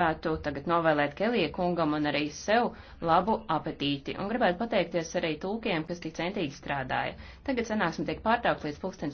gribētu tagad novēlēt Kelija kungam un arī sev labu apetīti, un gribētu pateikties arī tulkiem, kas tik centīgi strādāja. Tagad sanāksim tiek pārtraukt līdz pulkstens